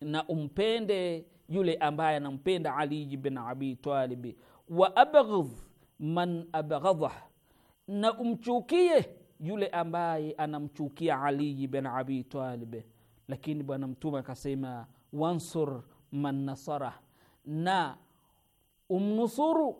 na umpende yule ambaye anampenda Ali bin Abi wa abghidh man abghadhah, na umchukie yule ambaye anamchukia Ali bin Abi Talib. Lakini Bwana Mtume akasema wansur man nasarah, na umnusuru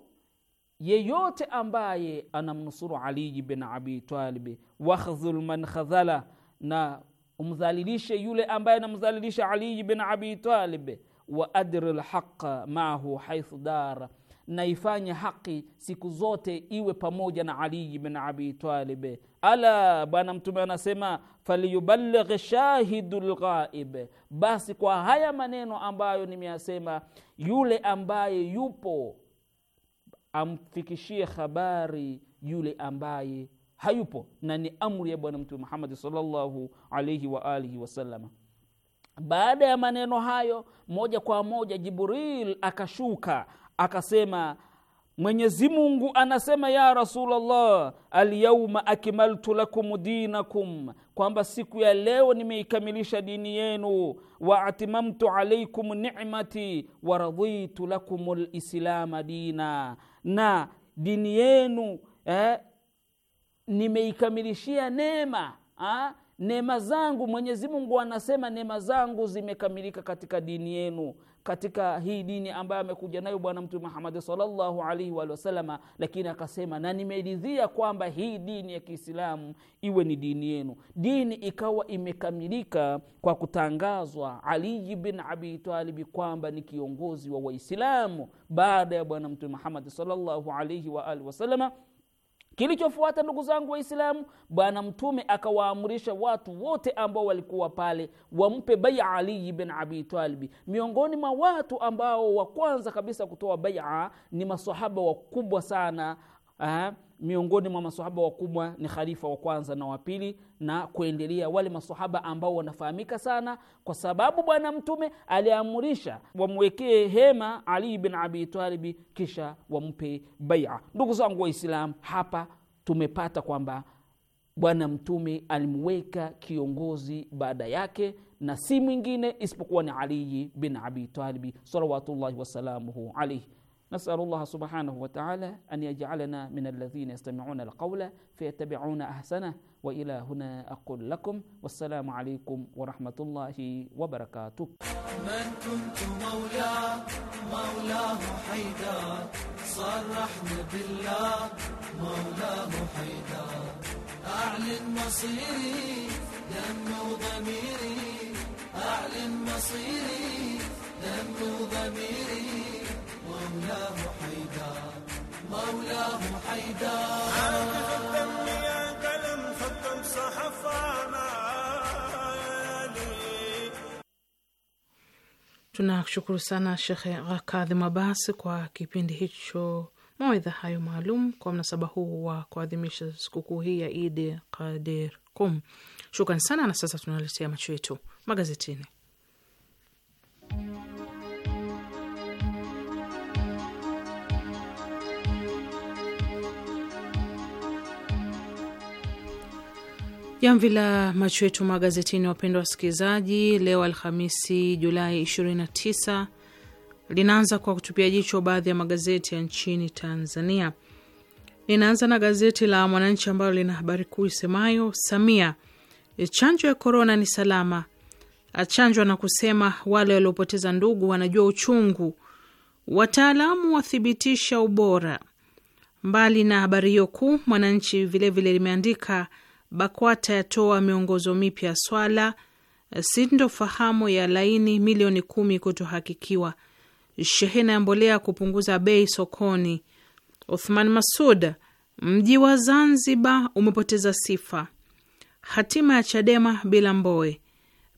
yeyote ambaye anamnusuru Ali bin Abi Talib. Wakhdhul man khadhala, na umdhalilishe yule ambaye anamdhalilisha Ali bin Abi Talib. Wa adri lhaqa maahu haithu dara naifanya haki siku zote iwe pamoja na Ali bin Abi Talib. Ala, Bwana Mtume anasema falyuballigh shahidu lghaib, basi kwa haya maneno ambayo nimeyasema, yule ambaye yupo amfikishie habari yule ambaye hayupo, na ni amri ya Bwana Mtume muhamadi sallallahu alaihi wa alihi wasallam. Baada ya maneno hayo, moja kwa moja Jibril akashuka akasema mwenyezi mungu anasema ya rasulllah alyauma akmaltu lakum dinakum kwamba siku ya leo nimeikamilisha dini yenu wa atimamtu alaikum nimati waraditu lakum lislama dina na dini yenu eh, nimeikamilishia neema ah, neema zangu mwenyezi mungu anasema neema zangu zimekamilika katika dini yenu katika hii dini ambayo amekuja nayo Bwana Mtume Muhammad sallallahu alaihi wa wasallama, lakini akasema na nimeridhia kwamba hii dini ya Kiislamu iwe ni dini yenu. Dini ikawa imekamilika kwa kutangazwa Ali bin Abi Talib kwamba ni kiongozi wa Waislamu baada ya Bwana Mtume Muhammad sallallahu alaihi wa alihi wasallama Kilichofuata ndugu zangu Waislamu, Bwana Mtume akawaamrisha watu wote ambao walikuwa pale wampe baia Aliyi bin abitalibi Miongoni mwa watu ambao wa kwanza kabisa kutoa baia ni masahaba wakubwa sana Aha. Eh, miongoni mwa masahaba wakubwa ni khalifa wa kwanza na wa pili na kuendelea, wale masahaba ambao wanafahamika sana, kwa sababu Bwana Mtume aliamurisha wamwekee hema alii bin Abi Talibi, kisha wampe baia. Ndugu zangu Waislamu, hapa tumepata kwamba Bwana Mtume alimweka kiongozi baada yake na si mwingine isipokuwa ni alii bin Abi Talibi salawatullahi wasalamuhu alaihi. نسأل الله سبحانه وتعالى أن يجعلنا من الذين يستمعون القول فيتبعون أحسنه وإلى هنا أقول لكم والسلام عليكم ورحمة الله وبركاته من كنت مولاه مولاه حيدر صرحنا بالله مولاه حيدر أعلن مصيري دم وضميري أعلن مصيري دم وضميري Tunashukuru sana Shekhe Kadhim Abbas kwa kipindi hicho, mawaidha hayo maalum kwa mnasaba huu wa kuadhimisha sikukuu hii ya Idi Qadir Kum. Shukran sana, na sasa tunaletea macho yetu magazetini. Jamvi la macho yetu magazetini, wapendwa wasikilizaji, leo Alhamisi Julai 29 linaanza kwa kutupia jicho baadhi ya magazeti ya nchini Tanzania. Linaanza na gazeti la Mwananchi ambalo lina habari kuu isemayo, Samia, e, chanjo ya korona ni salama, achanjwa na kusema wale waliopoteza ndugu wanajua uchungu, wataalamu wathibitisha ubora. Mbali na habari hiyo kuu, Mwananchi vilevile limeandika vile BAKWATA yatoa miongozo mipya swala. Eh, sintofahamu ya laini milioni kumi kutohakikiwa. Shehena ya mbolea kupunguza bei sokoni. Othman Masud, mji wa Zanzibar umepoteza sifa. Hatima ya Chadema bila mboe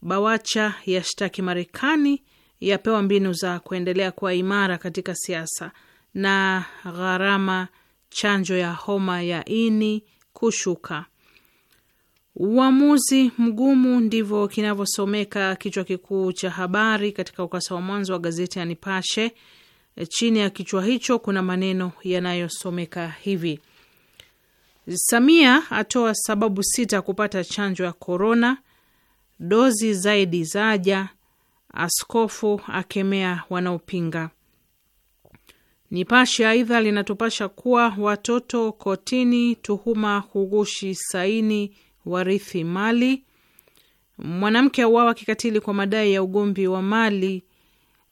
Bawacha yashtaki Marekani, yapewa mbinu za kuendelea kuwa imara katika siasa. Na gharama chanjo ya homa ya ini kushuka. Uamuzi mgumu, ndivyo kinavyosomeka kichwa kikuu cha habari katika ukurasa wa mwanzo wa gazeti ya Nipashe. Chini ya kichwa hicho kuna maneno yanayosomeka hivi: Samia atoa sababu sita kupata chanjo ya korona, dozi zaidi zaja, askofu akemea wanaopinga. Nipashe aidha linatupasha kuwa watoto kotini, tuhuma kughushi saini warithi mali. Mwanamke auawa kikatili kwa madai ya ugomvi wa mali.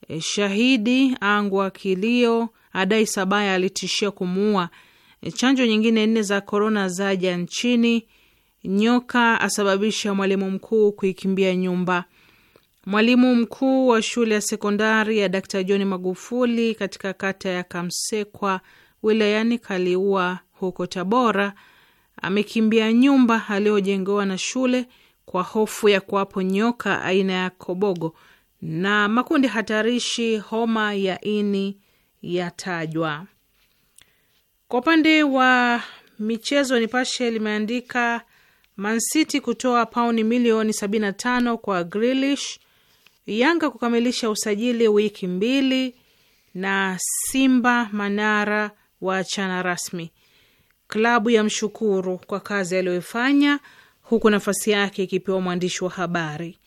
E, shahidi angwa kilio, adai Sabaya alitishia kumuua. E, chanjo nyingine nne za korona zaja nchini. Nyoka asababisha mwalimu mkuu kuikimbia nyumba. Mwalimu mkuu wa shule ya sekondari ya Dkt John Magufuli katika kata ya Kamsekwa wilayani Kaliua huko Tabora amekimbia nyumba aliyojengewa na shule kwa hofu ya kuwapo nyoka aina ya kobogo na makundi hatarishi homa ya ini yatajwa. Kwa upande wa michezo, Nipashe limeandika Man City kutoa pauni milioni 75 kwa Grealish, Yanga kukamilisha usajili wiki mbili, na Simba Manara waachana rasmi klabu ya mshukuru kwa kazi aliyoifanya, huku nafasi yake ikipewa mwandishi wa habari.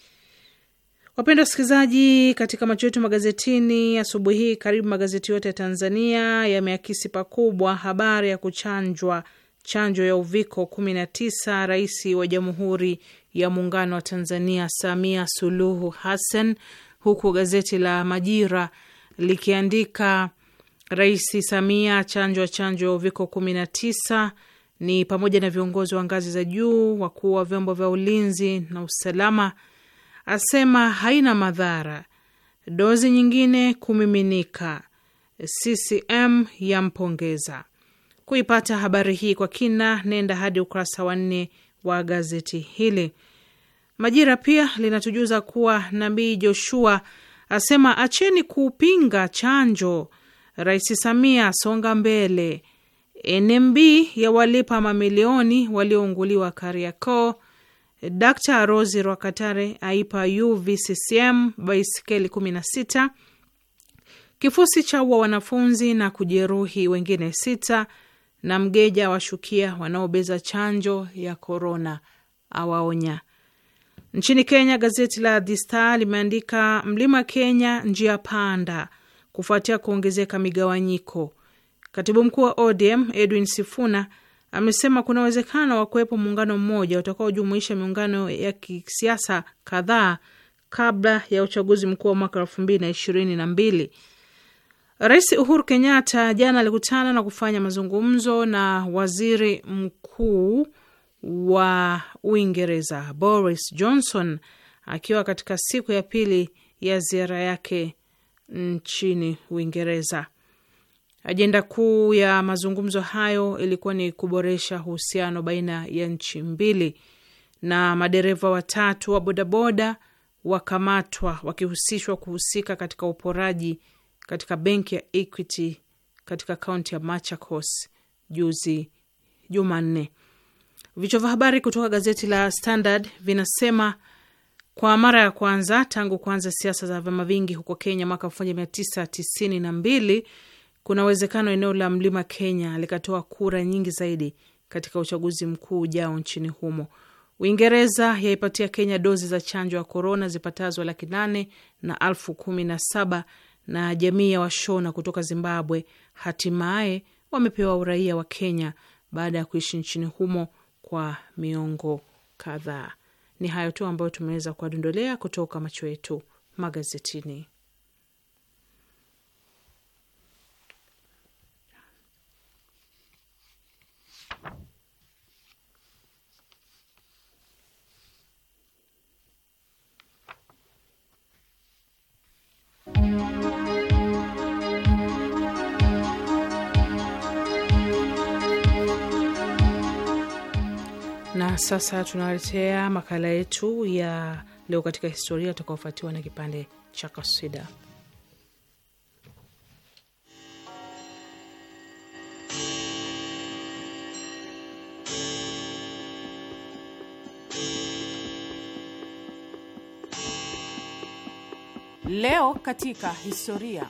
Wapendwa wasikilizaji, katika macho yetu magazetini asubuhi hii, karibu magazeti yote ya Tanzania yameakisi pakubwa habari ya kuchanjwa chanjo ya uviko 19 Rais wa Jamhuri ya Muungano wa Tanzania Samia Suluhu Hassan, huku gazeti la Majira likiandika Rais Samia chanjo chanjo ya uviko tisa ni pamoja na viongozi wa ngazi za juu, wakuu wa vyombo vya ulinzi na usalama, asema haina madhara, dozi nyingine kumiminika. CCM yampongeza. Kuipata habari hii kwa kina, nenda hadi ukurasa wa nne wa gazeti hili. Majira pia linatujuza kuwa Nabii Joshua asema acheni kuupinga chanjo Rais Samia songa mbele. NMB yawalipa mamilioni waliounguliwa Kariakoo. Dr Rosi Rwakatare aipa UVCCM baiskeli 16. Kifusi chaua wanafunzi na kujeruhi wengine sita. Na Mgeja washukia wanaobeza chanjo ya korona awaonya. Nchini Kenya, gazeti la The Star limeandika mlima Kenya njia panda kufuatia kuongezeka migawanyiko. Katibu mkuu wa ODM Edwin Sifuna amesema kuna uwezekano wa kuwepo muungano mmoja utakaojumuisha miungano ya kisiasa kadhaa kabla ya uchaguzi mkuu wa mwaka elfu mbili na ishirini na mbili. Rais Uhuru Kenyatta jana alikutana na kufanya mazungumzo na waziri mkuu wa Uingereza Boris Johnson akiwa katika siku ya pili ya ziara yake nchini Uingereza. Ajenda kuu ya mazungumzo hayo ilikuwa ni kuboresha uhusiano baina ya nchi mbili, na madereva watatu wa bodaboda wakamatwa wakihusishwa kuhusika katika uporaji katika benki ya Equity katika kaunti ya Machakos juzi Jumanne. Vichwa vya habari kutoka gazeti la Standard vinasema kwa mara ya kwanza tangu kuanza siasa za vyama vingi huko Kenya mwaka mbili kuna uwezekano eneo la mlima Kenya likatoa kura nyingi zaidi katika uchaguzi mkuu ujao nchini humo. Uingereza yaipatia Kenya dozi za chanjo ya korona zipatazo laki nane na alfu kumi na saba na jamii ya Washona kutoka Zimbabwe hatimaye wamepewa uraia wa Kenya baada ya kuishi nchini humo kwa miongo kadhaa. Ni hayo tu ambayo tumeweza kuwadondolea kutoka macho yetu magazetini. sasa tunawaletea makala yetu ya leo katika historia utakaofuatiwa na kipande cha kasida. Leo katika historia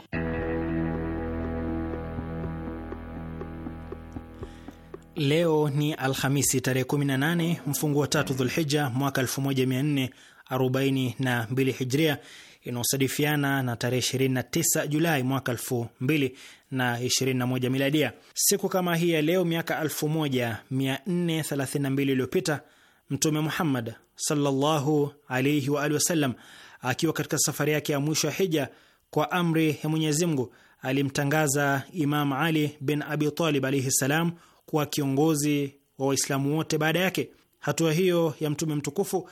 Leo ni Alhamisi tarehe 18 mfungu wa tatu Dhulhija mwaka 1442 Hijria, inaosadifiana na tarehe 29 Julai mwaka 2021 Miladia. Siku kama hii ya leo miaka 1432 iliyopita Mtume Muhammad sallallahu alaihi wa alihi wasallam akiwa katika safari yake ya mwisho ya hija kwa amri ya Mwenyezi Mungu alimtangaza Imam Ali bin Abi Talib alaihi salam kuwa kiongozi wa Waislamu wote baada yake. Hatua hiyo ya Mtume mtukufu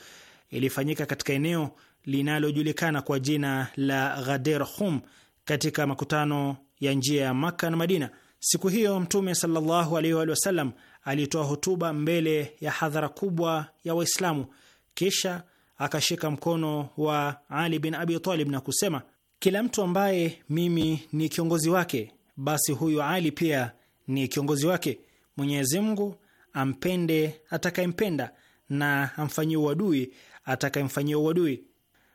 ilifanyika katika eneo linalojulikana kwa jina la Ghadir hum katika makutano ya njia ya Makka na Madina. Siku hiyo Mtume sallallahu alaihi wa sallam alitoa hotuba mbele ya hadhara kubwa ya Waislamu, kisha akashika mkono wa Ali bin Abi Talib na kusema, kila mtu ambaye mimi ni kiongozi wake, basi huyu Ali pia ni kiongozi wake. Mwenyezi Mungu ampende atakayempenda na amfanyie uadui atakayemfanyia uadui.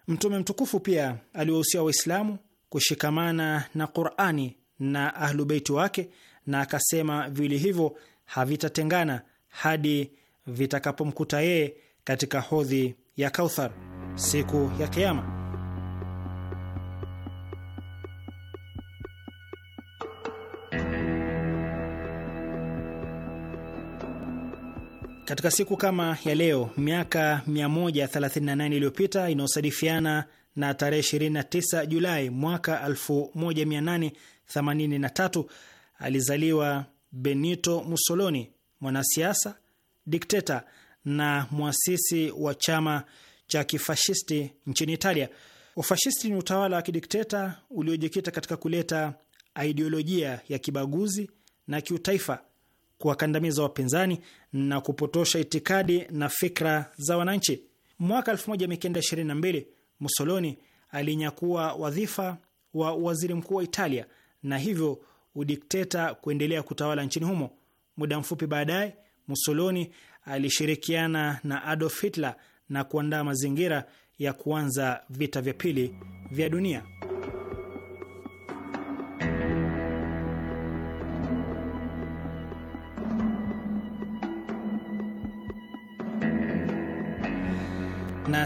Mtume mtukufu pia aliwahusia Waislamu kushikamana na Qurani na Ahlubeiti wake na akasema viwili hivyo havitatengana hadi vitakapomkuta yeye katika hodhi ya Kauthar siku ya Kiama. Katika siku kama ya leo miaka 138 iliyopita inayosadifiana na tarehe 29 Julai mwaka 1883 alizaliwa Benito Mussolini, mwanasiasa, dikteta na mwasisi wa chama cha kifashisti nchini Italia. Ufashisti ni utawala wa kidikteta uliojikita katika kuleta aidiolojia ya kibaguzi na kiutaifa kuwakandamiza wapinzani na kupotosha itikadi na fikra za wananchi. Mwaka 1922 Mussolini alinyakua wadhifa wa waziri mkuu wa Italia na hivyo udikteta kuendelea kutawala nchini humo. Muda mfupi baadaye, Mussolini alishirikiana na Adolf Hitler na kuandaa mazingira ya kuanza vita vya pili vya dunia.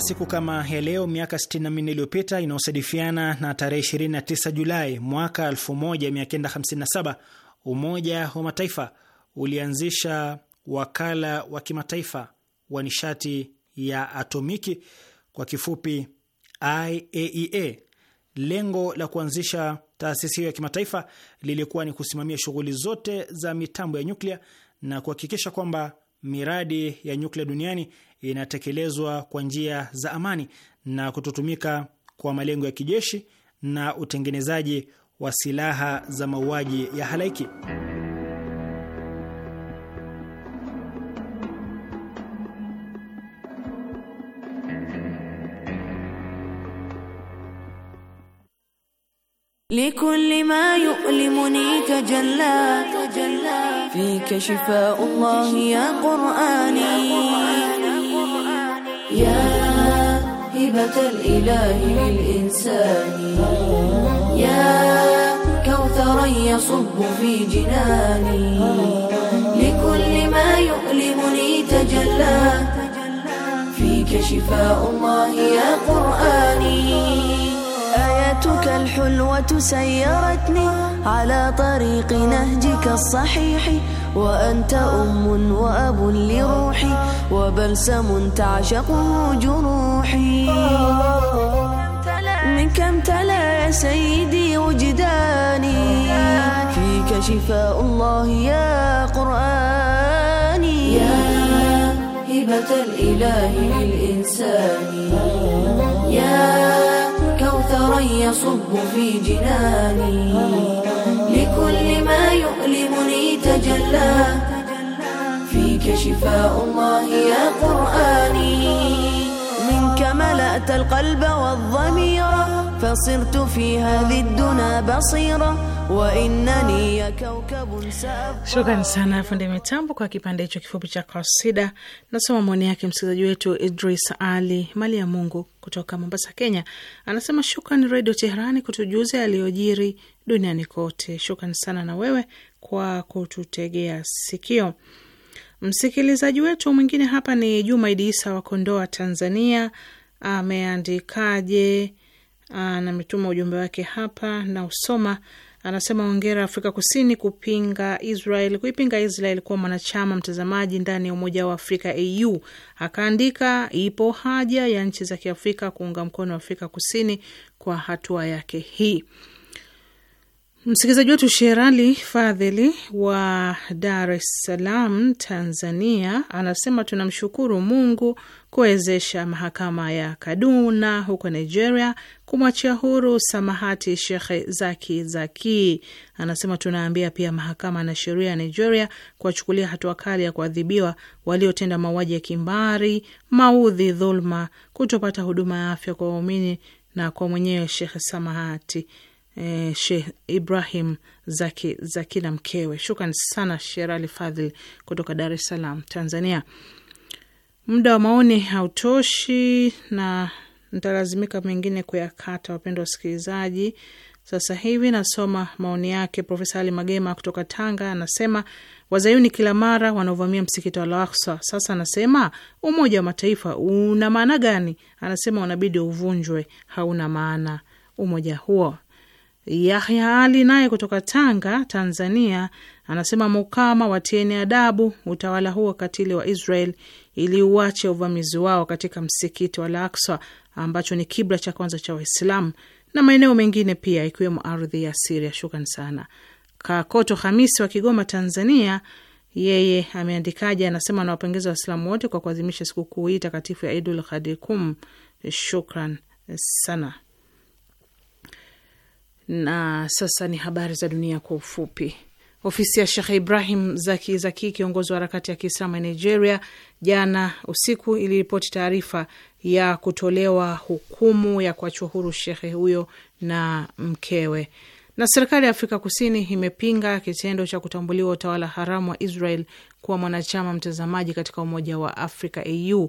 siku kama ya leo miaka 64 iliyopita inayosadifiana na tarehe 29 Julai mwaka 1957 Umoja wa Mataifa ulianzisha wakala wa kimataifa wa nishati ya atomiki kwa kifupi IAEA. E Lengo la kuanzisha taasisi hiyo ya kimataifa lilikuwa ni kusimamia shughuli zote za mitambo ya nyuklia na kuhakikisha kwamba miradi ya nyuklia duniani inatekelezwa kwa njia za amani na kutotumika kwa malengo ya kijeshi na utengenezaji wa silaha za mauaji ya halaiki. ma yulimuni tajalla, fika Allah ya Qur'ani يا هبة الإله للإنسان يا كوثرا يصب في جناني لكل ما يؤلمني تجلى فيك شفاء الله يا قرآني حياتك الحلوة سيرتني على طريق نهجك الصحيح وأنت أم وأب لروحي وبلسم تعشقه جروحي من كم تلا يا سيدي وجداني فيك شفاء الله يا قرآني يا هبة الإله للإنسان يا نارا يصب في جناني لكل ما يؤلمني تجلى فيك شفاء الله يا قرآني منك ملأت القلب والضمير فصرت في هذه الدنا بصيرة Shukran sana fundi mitambo kwa kipande hicho kifupi cha kasida. Nasoma maoni yake msikilizaji wetu Idris Ali mali ya Mungu kutoka Mombasa, Kenya, anasema shukran Redio Teherani kutujuza yaliyojiri duniani kote. Shukran sana na wewe kwa kututegea sikio. Msikilizaji wetu mwingine hapa ni Juma Idi Isa wa Kondoa, Tanzania. Ameandikaje? Ah, Nametuma ujumbe wake hapa na usoma. Anasema hongera Afrika Kusini kupinga Israel, kuipinga Israel kuwa mwanachama mtazamaji ndani ya Umoja wa Afrika AU. Akaandika, ipo haja ya nchi za Kiafrika kuunga mkono Afrika Kusini kwa hatua yake hii. Msikilizaji wetu Sherali Fadhili wa Dar es Salaam, Tanzania, anasema tunamshukuru Mungu kuwezesha mahakama ya Kaduna huko Nigeria kumwachia huru samahati Shekhe Zaki Zaki. Anasema tunaambia pia mahakama na sheria ya Nigeria kuwachukulia hatua kali ya kuadhibiwa waliotenda mauaji ya kimbari, maudhi, dhuluma, kutopata huduma ya afya kwa waumini na kwa mwenyewe Shekhe samahati eh, Sheikh Ibrahim Zaki Zaki na mkewe. Shukran sana Sherali Fadhil kutoka Dar es Salaam, Tanzania. Muda wa maoni hautoshi na ntalazimika mengine kuyakata, wapendwa wasikilizaji. Sasa hivi nasoma maoni yake Profesa Ali Magema kutoka Tanga, anasema Wazayuni kila mara wanaovamia msikiti wa Al-Aqsa. Sasa anasema Umoja wa Mataifa una maana gani? Anasema unabidi uvunjwe, hauna maana umoja huo. Yahya Ali naye kutoka Tanga, Tanzania, anasema mukama watieni adabu utawala huo katili wa Israel ili uache uvamizi wao katika msikiti wa Al-Aqsa ambacho ni kibla cha kwanza cha Waislamu na maeneo mengine pia ikiwemo ardhi ya Siria. Shukran sana. Kakoto Hamisi wa Kigoma, Tanzania, yeye ameandikaje? Anasema anawapongeza Waislamu wote kwa kuadhimisha sikukuu hii takatifu ya Idul Khadikum. Shukran sana. Na sasa ni habari za dunia kwa ufupi. Ofisi ya shekhe Ibrahim Zaki Zaki, kiongozi wa harakati ya Kiislamu ya Nigeria, jana usiku iliripoti taarifa ya kutolewa hukumu ya kuachwa huru shekhe huyo na mkewe. Na serikali ya Afrika Kusini imepinga kitendo cha kutambuliwa utawala haramu wa Israel kuwa mwanachama mtazamaji katika Umoja wa Afrika, AU.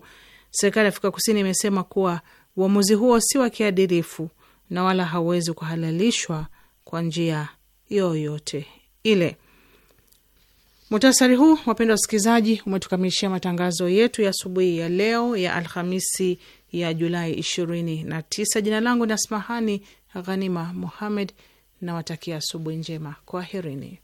Serikali ya Afrika Kusini imesema kuwa uamuzi huo si wa kiadilifu na wala hawezi kuhalalishwa kwa njia yoyote ile. Muhtasari huu, wapendwa wasikilizaji, umetukamilishia matangazo yetu ya asubuhi ya leo ya Alhamisi ya Julai 29. Jina langu ni Asmahani Ghanima Muhammed, nawatakia asubuhi njema. Kwaherini.